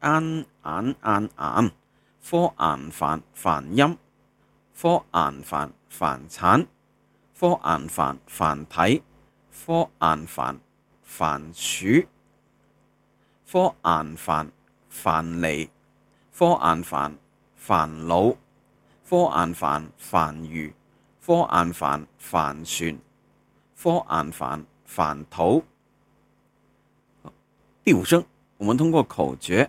啱眼啱眼，科眼繁繁音，科眼繁繁鏟，科眼繁繁體，科眼繁繁薯，科眼繁繁籬，科眼繁繁腦，科眼繁繁瑜，科眼繁繁船，科眼繁繁土。第五聲，我們通過口訣。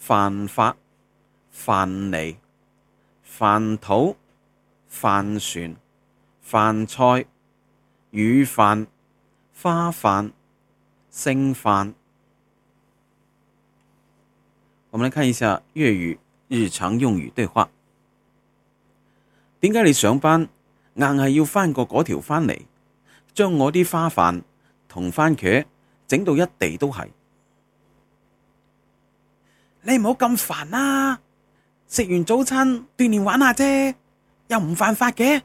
犯法、樊籬、礬土、帆船、飯菜、雨軬、花瓣、姓范。我們來看一下粵語日常用語對話。點解你上班硬係要翻過嗰條籓籬，將我啲花瓣同番茄整到一地都係？你唔好咁煩啦，食完早餐鍛煉玩下啫，又唔犯法嘅。